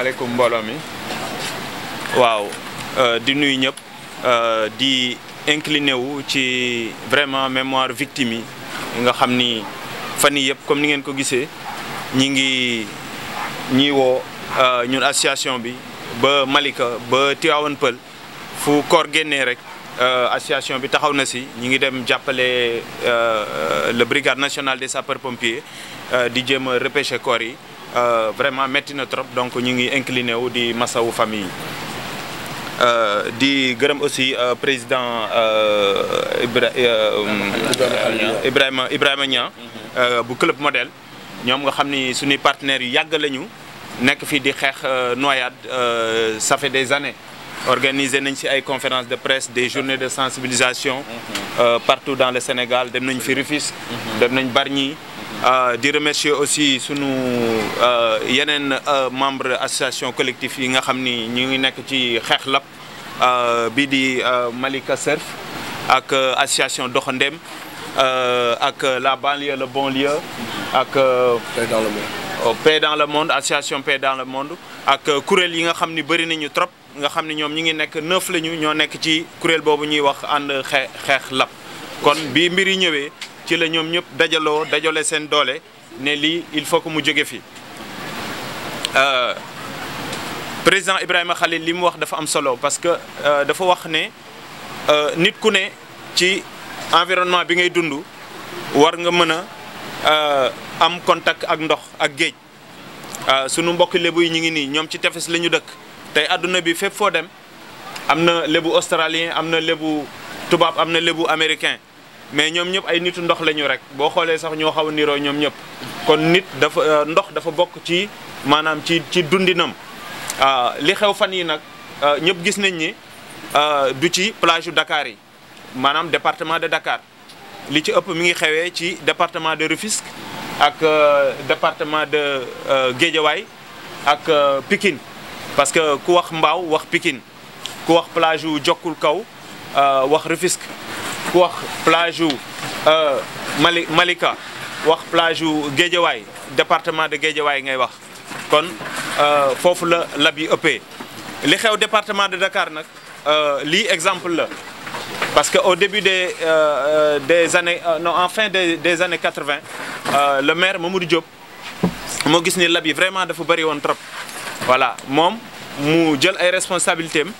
asalaamaaleykum mbooloo mi waaw euh, di nuyu ñëpp euh, di incliné wu ci vraiment mémoire victime yi nga xam ni fan yii yëpp comme ni ngeen ko gisee ñi ngi ñi woo euh, ñun association bi ba Malika ba Tivaouane pël fu koor génnee rek association bi taxaw na si ñi ngi dem jàppale le brigade nationale des sapeurs pompiers di jéem a repêcher corps yi Euh, vraiment métti na trop donc ñu ngi incliné wu di massawu famille yi euh, di gërëm aussi euh, président Ibra Ibrahima Ibrahima Niang bu club model ñoom nga xam ni suñuy partenaires yu yàgg lañu nekk fii di xeex noyade ça fait des années organisé nañ si ay conférences de presse des journées de sensibilisation mhm. partout dans le Sénégal dem nañ fi Rufisque mhm. dem nañ Bargny Euh, di remercier aussi sunu euh, yeneen euh, membre association collectif yi nga xam ni ñu ngi nekk ci xeex lab bii di Malika Surf ak association Doxandem ak la banlieue le bon ak. Paix dans le monde. Oh, dans le monde association Paix dans le monde ak kuréel yi nga xam ni bëri nañu trop nga xam ni ñoom ñi ngi nekk neuf lañu ñoo nekk ci kuréel boobu ñuy wax ànd xeex lab kon bi mbir yi ñëwee. ci ñoom ñëpp dajaloo dajale seen doole ne lii il faut que mu jóge fi euh, président Ibrahima Khalil li mu wax dafa am solo parce que euh, dafa wax ne euh, nit ku ne ci environnement bi ngay dund war nga mën a am contact ak ndox ak géej sunu mbokk lébu yi ñu ngi nii ñoom ci tefes la ñu dëkk tey àdduna bi fépp foo dem am na lébu australien am na lébu tubaab am na lébu américain mais ñoom ñëpp ay nitu ndox lañu rek boo xoolee sax ñoo xaw a ñoom ñëpp kon nit dafa euh, ndox dafa bokk ci maanaam ci ci dundinam euh, li xew fan yi nag euh, ñëpp gis nañ ni du ci plage yu Dakar yi maanaam département de Dakar li ci ëpp mi ngi xewee ci département de Rufisque ak département de Guédiawaye ak Pikine parce que ku wax mbaaw wax pikin ku wax plage yu Jokkul Kaw wax Rufisque ku wax plage u euh, Mali Malika wax plage u Géejawaay département de Géejawaay ngay wax kon euh, foofu la lab yi li xew département de Dakar nag euh, lii exemple la parce que au début des des années non en fin des des années 80 le maire Mamadou Diop moo gis ni lab vraiment dafa bëri woon trop voilà moom mu jël ay responsabilités am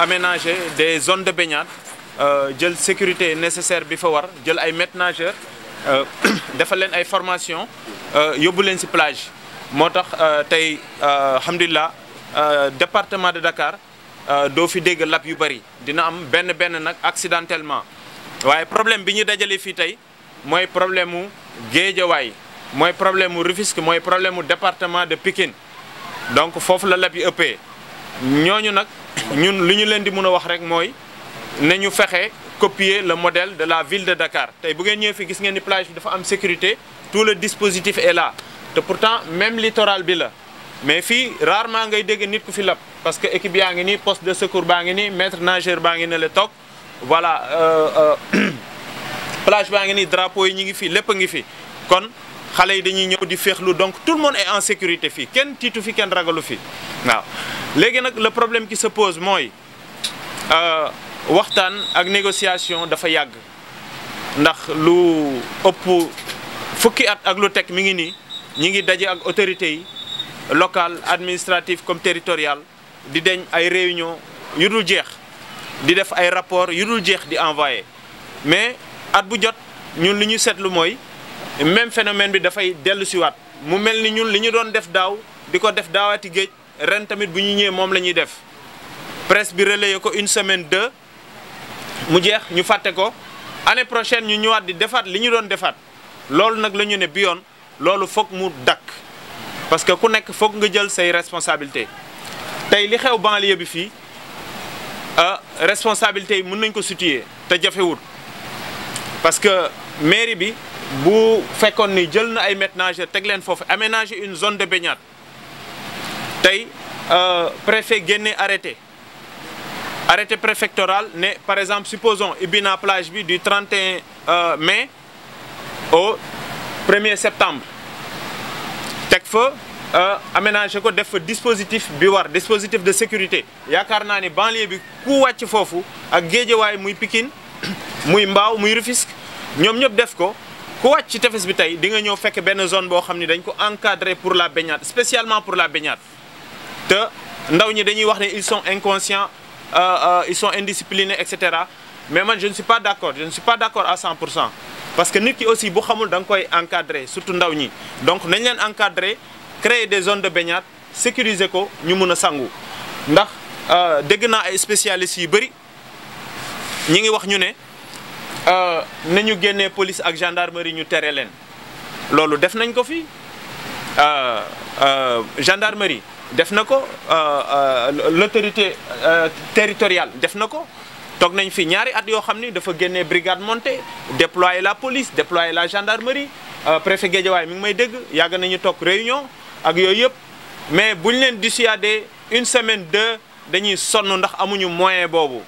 aménager des zones de baignade Euh, jël sécurité nécessaire bi fa war jël ay maîtres nageurs euh, defal leen ay formation euh, yóbbu leen ci plage moo tax tey alhamdulilah département de Dakar doo fi dégg lap yu bari dina am benn benn nag accidentellement waaye problème bi ñu dajale fii tey mooy problème mu Géejawaay mooy problème mu Rufisque mooy problème mu département de Pikine donc foofu la lap yi ëppee ñooñu nag ñun lu ñu leen di mun a wax rek mooy ne ñu fexe copier le modèle de la ville de Dakar tey bu ngeen ñëwee fi gis ngeen ni plage bi dafa am sécurité tout les dispositif et la te pourtant même littoral bi la mais fii rarement ngay dégg nit ku fi lab parce que équipe yaa ngi nii poste de secours baa ngi nii maître nageur baa ngi ne la toog voilà euh, euh, plage baa ngi nii drapeau yi ñu ngi fi lépp a ngi fi kon xale yi dañuy ñëw di féexlu donc tout le monde et en sécurité fi kenn tiitu fi kenn ragalu fi waaw léegi nag le problème qui se mooy. Euh, waxtaan ak négociation dafa yàgg ndax lu ëpp fukki at ak lu teg mi ngi nii ñi ngi daje ak autorités yi locale administrative comme territoriale di deñ ay réunion yu dul jeex di def ay rapport yu dul jeex di envoyé mais at bu jot ñun li ñu seetlu mooy même phénomène bi dafay dellu siwaat mu mel ni ñun li ñu doon def daaw di ko def daawaati géej ren tamit bu ñu ñëwee moom la ñuy def presse bi relayer ko une semaine deux mu jeex ñu fàtte ko année prochaine ñu ñëwaat di defaat li ñu doon defaat loolu nag la ñu ne bi yoon loolu foog mu dakk parce que ku nekk foog nga jël say responsabilité tey li xew banlieue bi fii ah responsabilité yi mun nañ ko situer te jafewut parce que mairie bi bu fekkoon ni jël na ay ménagères teg leen foofu aménager une zone de baignade tey euh, préfet génne arrêté arrêté préfectoral ne par exemple supposons ubbi naa plage bi du 31 euh, mai au 1er septembre teg fa euh, aménagé ko def fa dispositif bi war dispositif de sécurité yaakaar naa ne banlieue bi ku wàcc foofu ak waay muy Pikine muy Mbao muy Rufisque ñoom ñëpp def ko ku wàcc ci tefes bi tey di nga ñëw fekk benn zone boo xam ni dañ ko encadré pour la baignade spécialement pour la baignade te ndaw ñi dañuy wax ne ils Euh, euh, ils sont indisciplinés et cetera mais man je ne suis pas d' je ne suis pas d' accord à 100 parce que nit ki aussi bu xamul da koy encadrer surtout ndaw ñi donc nañ leen encadrer créer des zones de baignade sécuriser ko ñu mun a sangu ndax euh, dégg naa ay spécialistes yu bëri ñi ngi wax ñu ne nañu génnee police ak gendarmerie ñu tere leen loolu def nañ ko fi gendarmerie. def na ko euh, euh, l'autorité euh, territoriale def na ko toog nañ fi ñaari at yoo xam ni dafa génne brigade montée déployer la police déployer la gendarmerie préfet Guédiawaye mu ngi may dégg yàgg nañu toog réunion ak yooyu yëpp mais bu ñu leen dissuader une semaine deux dañuy sonn ndax amuñu moyen boobu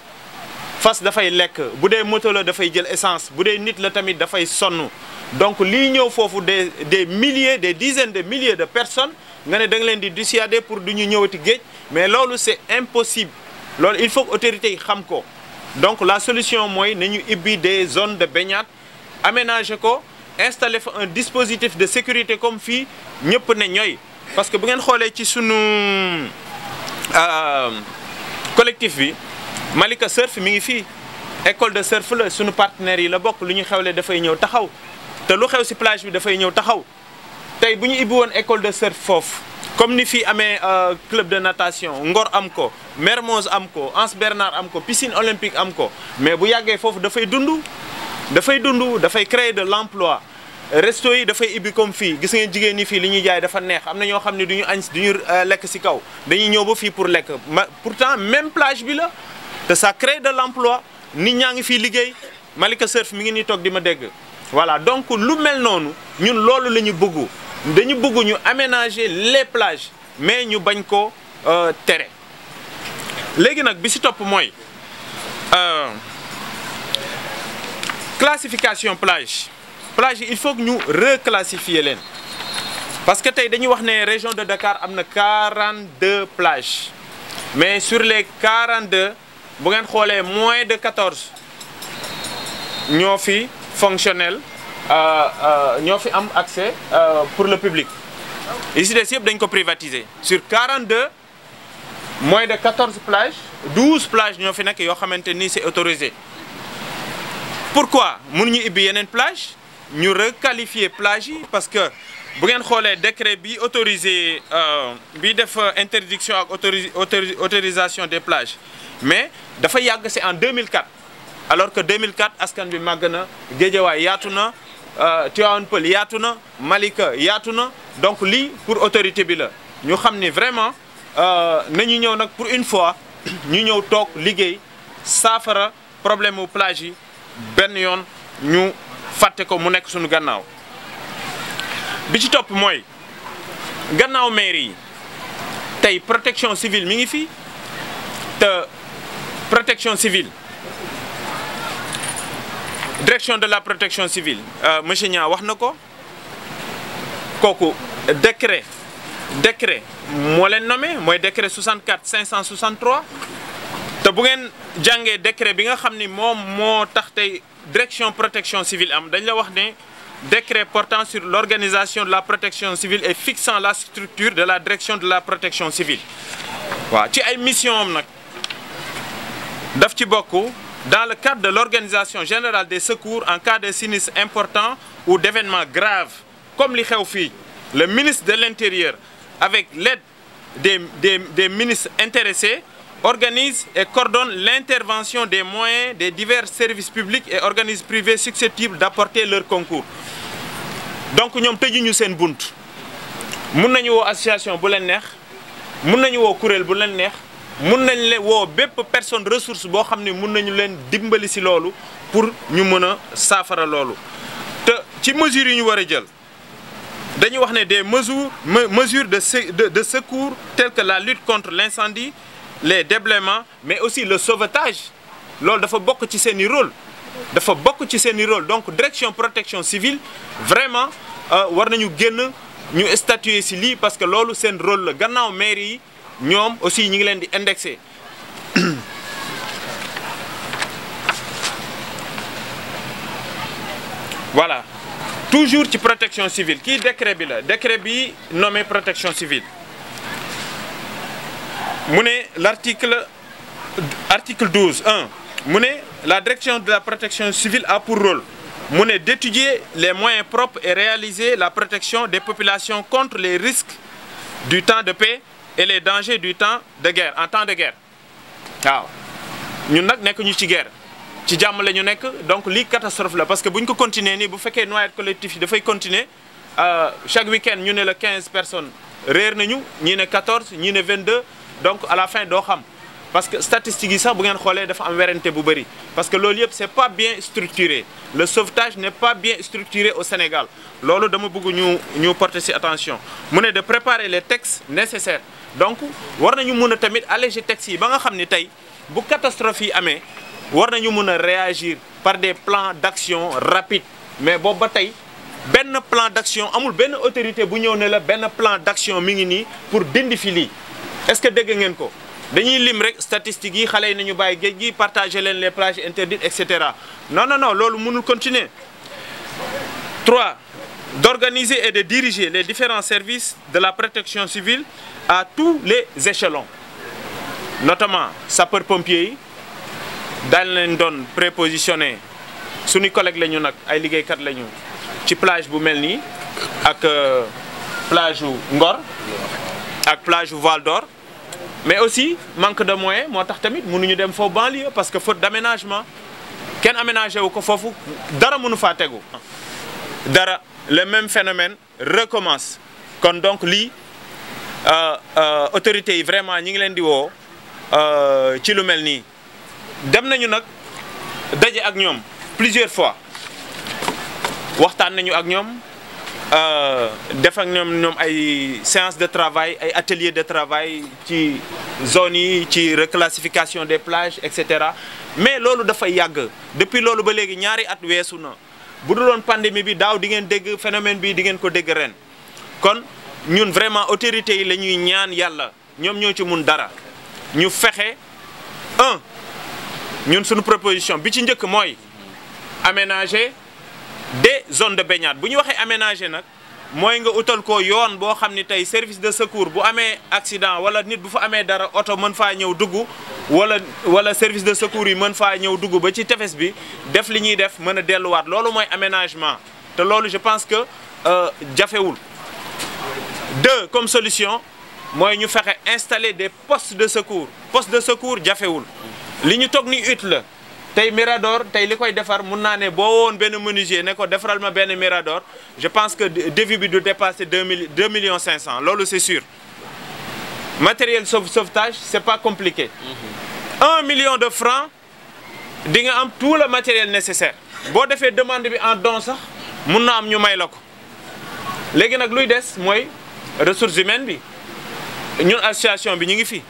fas dafay lekk bu dee moto la dafay jël essence bu dee nit la tamit dafay sonn donc lii ñëw foofu des des milliers des dizaines de milliers de personnes nga ne da leen di dissuader pour du ñu ñëwati géej mais loolu c'est impossible loolu il faut que autorités yi xam ko donc la solution mooy nañu ibbi des zone de baignade aménager ko installer fa un dispositif de sécurité comme fii ñëpp ne ñooy parce que bu ngeen xoolee ci sunu euh, collectif bi Malika surf mi ngi fii école de surf la sunu partenaires yi la bokk lu ñu xewlee dafay ñëw taxaw te lu xew si plage bi dafay ñëw taxaw tey bu ñu ibbi woon école de surf foofu comme ni fi amee euh, club de natation Ngor am ko Mermoz am ko Anse Bernard am ko piscine olympique am ko mais bu yàggee foofu dafay dund dafay dund dafay créer de l'emploi resto yi dafay ibbi comme fii gis ngeen jigéen ñi fii li ñuy jaay dafa neex am na ñoo xam ne du ñu añ du ñu euh, lekk ci kaw dañuy ñëw ba fii pour lekk ma pourtant même plage bi la te ça crée de l'emploi nit ñaa ngi fii liggéey Malika Surf mi ngi nii toog di ma dégg voilà loolu la ñu dañu bëgg ñu aménager les plages mais ñu bañ ko euh, tere léegi nag bi si topp mooy euh, classification plage plage yi il faut ñu reclassifier leen parce que tey dañuy wax ne région de Dakar am na deux plages mais sur les 42 bu ngeen xoolee moins de 14 ñoo fi fonctionnel Euh, euh, ñoo fi am accès euh, pour le public li si des yëpp dañ ko privatiser sur deux mooy de 14 plages 12 plages ñoo fi nekk yoo xamante ni c'est autorisé pourquoi mënuñu ibbi yeneen plage ñu requalifier plage yi parce que bu ngeen xoolee décret bi autorisé bi def interdiction ak autorisation des plages mais dafa yàgg c'est en 2004 alors que 2004 askan bi màgg na géejawaay yaatu na Euh, Tivaouane Peulh yaatu na Malika yaatu na donc lii pour autorité bi la ñu xam ni vraiment euh, nañu ñëw nag pour une fois ñu ñëw toog liggéey saafara problème mu plage yi benn yoon ñu fàtte ko mu nekk suñu gannaaw bi ci topp mooy gannaaw mairie yi tey protection civile mi ngi fi te protection civile direction de la protection civile euh, monsieur Niang wax na ko kooku décret décret moo leen nommé mooy décret 64 563 te bu ngeen jàngee décret bi nga xam ni moom moo tax tey direction protection civile am dañ la wax ne décret portant sur l'organisation de la protection civile et fixant la structure de la direction de la protection civile waaw ci ay mission am nag daf ci bokk dans le cadre de l'organisation générale des secours en cas de sinistre important ou d'événement grave comme li xew fii le ministre de l'Intérieur avec l'aide des, des, des ministres intéressés organise et coordonne l'intervention des moyens des divers services publics et organismes privés susceptibles d'apporter leur concours donc ñoom tëjuñu seen bunt mun nañu woo association bu leen neex mun nañu woo kuréel bu leen neex mun nañ leen woo bépp personne ressource boo xam ne mun nañu leen dimbali si loolu pour ñu mën a saafara loolu te ci mesures yi ñu war a jël dañu wax ne des mesures mesures de de secours telles que la lutte contre l'incendie les déblaiements mais aussi le sauvetage loolu dafa bokk ci seen i rôle dafa bokk ci seen i rôle donc direction protection civile vraiment euh, war nañu génn ñu statuer si lii parce que loolu seen rôle la gannaaw mairie yi ñoom aussi ñi ngi leen di indexé voilà toujours ci protection civile kii décret bi la décret bi nommé protection civile mu ne l'article article 12 1 mu ne la direction de la protection civile a pour rôle mu ne d'étudier les moyens propres et réaliser la protection des populations contre les risques du temps de paix et les dangers du temps de guerre en temps de guerre waaw ñun nag nekk ñu ci guerre ci jàmm la ñu nekk donc lii catastrophe la parce que bu ñu ko continuer nii bu fekkee noyade collectif yi dafay continuer euh, chaque week-end ñu ne la 15 personnes réer nañu ñii ne 14 ñii ne 22 donc à la fin doo xam parce que statistique yi sax bu ngeen xoolee dafa am werante bu bëri parce que loolu yëpp c'est pas bien structuré le sauvetage n'est pas bien structuré au Sénégal loolu dama bëgg ñu ñu porter ci attention mu ne de préparer les textes nécessaires donc war nañu mun a tamit alléger texte yi ba nga xam ni tey bu catastrophe yi amee war nañu mun a réagir par des plans d'action rapides mais boobu ba tey benn plan d'action amul benn autorité bu ñëw ne la benn plan d'action mi ngi nii pour dindi fi lii est-ce que dégg ngeen ko dañuy lim rek statistiques yi xale yi nañu bàyyi géej gi partager leen les plages interdites et cetera non non non loolu mënul continuer trois d'organiser et de diriger les différents services de la protection civile à tous les échelons notamment sapeurs-pompiers yi dañ leen doon prépositionné suñu collègue la ñu nag ay liggéeykat la ñu ci plage bu mel nii ak euh, plage u Ngor ak plage u d'Or mais aussi manque de moyens moo tax tamit mënuñu dem foofu banlieue parce que faute d'aménagement kenn aménagé wu ko foofu dara mënu faa tegu le même phénomène recommence kon donc lii euh, euh, autorités yi vraiment ñi ngi leen di woo euh, ci lu mel nii dem nañu nag daje ak ñoom plusieurs fois waxtaan nañu ak ñoom def ak ñoom ñoom ay séance de travail ay atelier de travail ci zone yi ci reclassification des plage et cetera mais loolu dafay yàgg depuis loolu ba léegi ñaari at weesu na bu du loon pandémie bi daaw di ngeen dégg phénomène bi di ko dégg ren kon ñun vraiment autorités yi la ñuy ñaan yàlla ñoom ñoo ci mun dara ñu fexe un ñun suñu proposition bi ci njëkk mooy aménager des zone de baignade bu ñu waxee aménagé nag mooy nga utal ko yoon boo xam ni tey service de secours bu amee accident wala nit bu fa amee dara oto mën faa ñëw dugg wala wala service de secours yi mën faa ñëw dugg ba ci tefes bi def li ñuy def mën a delluwaat loolu mooy aménagement te loolu je pense que euh, jafewul deux comme solution mooy ñu fexe installer des postes de secours postes de secours jafewul li ñu toog ni ut la tey mirador tey li koy defar mun naa ne boo woon benn menuisier ne ko defaral ma benn mirador je pense que devis bi du dépasser deux mille deux millions cinq cent loolu c'est sûr matériel sauvetage c'est pas compliqué. Mm-hmm. un million de francs di nga am tout le matériel nécessaire boo defee demande bi en don sax mun na am ñu may la ko léegi nag luy des mooy ressources humaines bi ñun association bi ñu ngi fi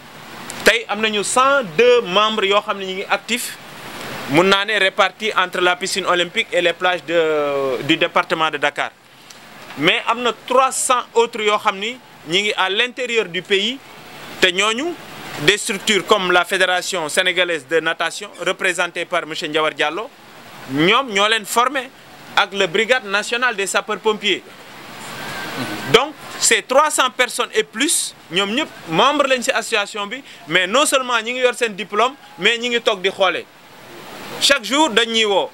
tey am nañu cent deux membres yoo xam ne ñu ngi actif mun naa ne réparti entre la piscine olympique et les plages de du département de Dakar mais am na 300 autres yoo xam ni ñi ngi à l'intérieur du pays te ñooñu des structures comme la fédération sénégalaise de natation représentée par monsieur Ndiawar Diallo ñoom ñoo leen formé ak le brigade nationale des sapeurs-pompiers donc ces 300 personnes et plus ñoom ñëpp membre lañ ci association bi mais non seulement ñi ngi yor seen diplôme mais ñi ngi toog di xoolee chaque jour dañ ñuy woo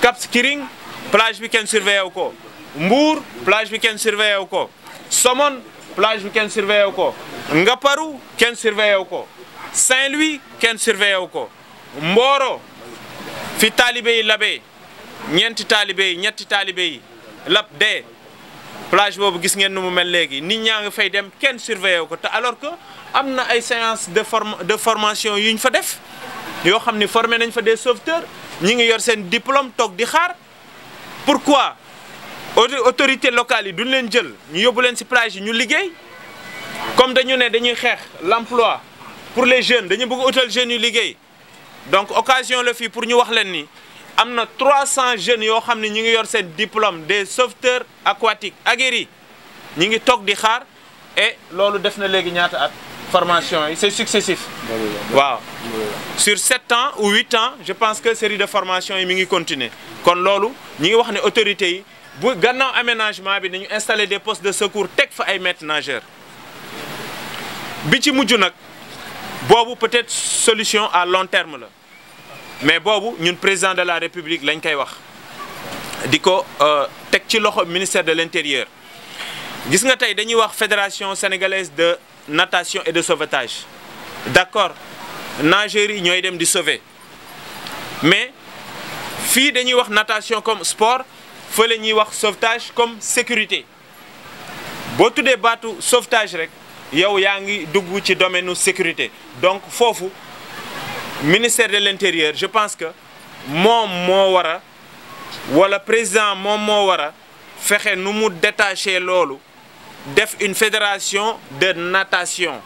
Cap Skirring plage bi kenn surveillé wu ko Mbour plage bi kenn surveillé wu ko Somone plage bi kenn surveillé wu ko Ngaparou kenn surveillé wu ko Saint-Louis kenn surveillé wu ko Mboro fi taalibe yi labee ñeenti taalibe ñetti taalibe yi lab dee plage boobu gis ngeen nu mu mel léegi nit ñaa ngi fay dem kenn surveillé wu ko te alors que am na ay séance de forme de formation yu ñu fa def yoo xam ni formé nañ fa des sauveteurs ñi ngi yor seen diplôme toog di xaar pour pourquoi autorité locale yi duñ leen jël ñu yóbbu leen si plage yi ñu liggéey comme dañu ne dañuy xeex l'emploi pour les jeunes dañu bëgg utal jeunes yu liggéey donc occasion la fii pour ñu wax leen ni am na 300 jeunes yoo xam ne ñu ngi yor seen diplôme des sauveteurs aquatiques aguerris ñi ngi toog di xaar e loolu def na léegi ñaata at formation yi waaw sur sept ans ou huit ans je pense que série de formation yi mi ngi continuer kon loolu ñi ngi wax ne autorité yi bu gannaaw aménagement bi dañu installé des postes de secours teg fa ay maîtres nageurs bi ci mujj nag boobu peut-être solution à long terme la mais boobu ñun président de la république lañ koy wax di ko euh, teg ci loxo ministère de l'intérieur gis nga tey dañuy wax fédération sénégalaise de natation et de sauvetage d'accord nageurs yi ñooy dem di sauver mais fii dañuy wax natation comme sport fële ñuy wax sauvetage comme sécurité boo tuddee baatu sauvetage rek yow yaa ngi dugg ci domaine nu sécurité donc foofu ministère de l'intérieur je pense que moom moo war a wala président moom moo war a fexe nu mu détaché loolu. def une fédération de natation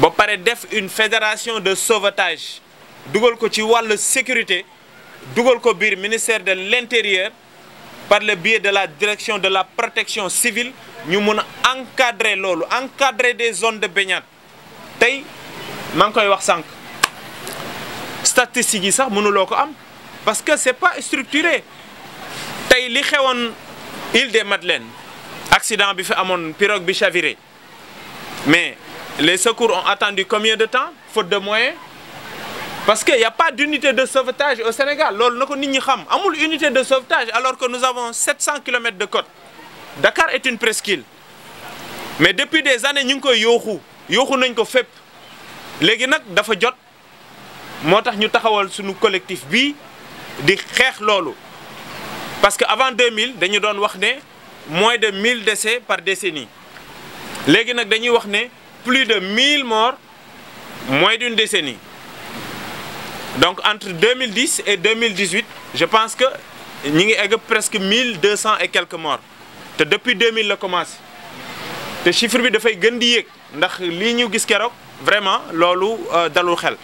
ba pare def une fédération de sauvetage dugal ko ci wàll sécurité dugal ko biir ministère de l'intérieur par le biais de la direction de la protection civile ñu mun a encadrer loolu encadrer des zones de baignade tey maa ngi koy wax sànq statistiques yi sax mënuloo ko am parce que c'est pas structuré tey li xewoon Île des Madeleines accident bi fi amoon pirogue bi chaviré mais les secours ont attendu combien de temps faute de moyens parce que y a pas d'unité de sauvetage au Sénégal loolu na ko nit ñi xam amul unité de sauvetage alors que nous avons 700 kilomètres de côte Dakar est une presqu'île mais depuis des années ñu ngi koy yooxu yooxu nañ ko fépp léegi nag dafa jot moo tax ñu taxawal suñu collectif bi di xeex loolu parce que avant 2000 dañu doon wax ne moins de 1000 décès par décennie léegi nag dañuy wax ne plus de 1000 morts moins d'une décennie donc entre 2010 et 2018 je pense que ñi ngi egg presque 1200 et quelques morts te depuis 2000 la commencé te chiffre bi dafay gën di yéeg ndax lii ñu gis keroog vraiment loolu euh, dalul xel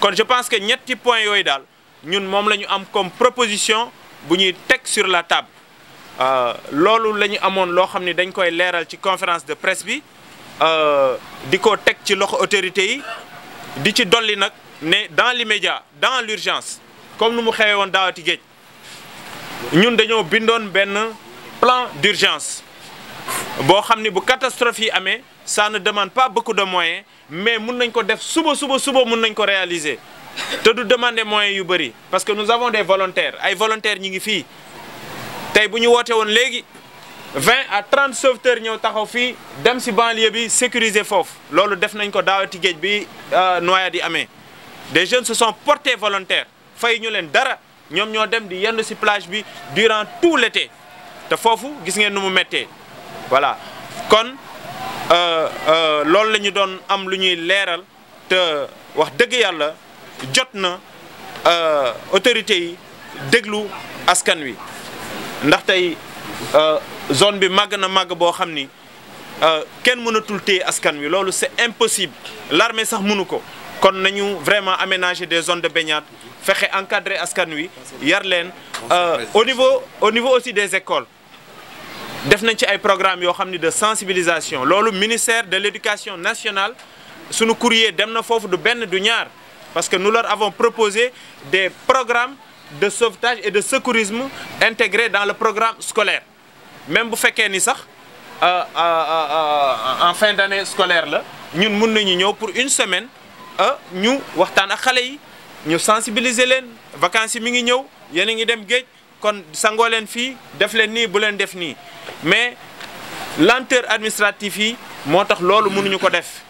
kon je pense que ñetti point yooyu daal ñun moom la ñu am comme proposition bu ñuy teg sur la table Euh, loolu la ñu amoon loo xam ni dañ koy leeral ci conférence de presse bi euh, di ko teg ci loxo autorité yi di ci dolli nag ne dans l'immédiat dans l'urgence comme nu mu xewee woon daawati géej ñun dañoo bindoon benn plan d'urgence boo xam ni bu catastrophe yi amee ça ne demande pas beaucoup de moyen mais mun nañ ko def suba suba suba mun nañ ko réaliser te du demander moyens yu bëri parce que nous avons des volontaires ay volontaires ñi ngi fii tey bu ñu woote woon léegi vingt à 30 sauveteurs ñëw taxaw fii dem si banlieue bi sécuriser foofu loolu def nañ ko daaw daawati géej bi euh, noyade di amee des jeunes se sont portés volontaires fay ñu leen dara ñoom ñoo dem di yendu si plage bi durant tout le te te foofu gis ngeen nu mu mettee voilà kon euh, euh, loolu la ñu doon am lu ñuy leeral te wax dëgg yàlla jot na autorités yi déglu askan wi ndax tey euh, zone bi màgg na màgg boo xam ni euh, kenn mënatul téye askan wi loolu c'est impossible l'armée sax mënu ko kon nañu vraiment aménager des zones de baignade fexe encadrer askan wi yar leen euh, au niveau au niveau aussi des écoles def nañ ci ay programmes yoo xam ni de sensibilisation loolu ministère de l'éducation nationale sunu courrier dem na foofu du benn du ñaar parce que nu leur avons proposé des programmes de sauvetage et de secourisme intégré dans le programme scolaire même bu fekkee ni sax euh, euh, euh, en fin d'année scolaire la ñun mun nañu ñëw pour une semaine ñu waxtaan ak xale yi ñu sensibiliser leen vacances yi mi ngi ñëw yéen a ngi dem géej kon sangoo leen fii def leen nii bu leen def nii mais lenteur administrative yi moo tax loolu mënuñu ko def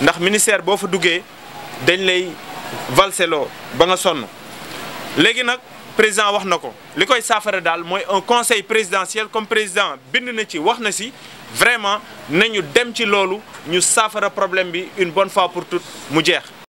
ndax ministère boo fa duggee dañ lay valseloo ba nga sonn léegi nag président wax na ko li koy saafara daal mooy un conseil présidentiel comme président bind na ci wax na si vraiment nañu dem ci loolu ñu saafara problème bi une bonne fois pour toutes mu jeex.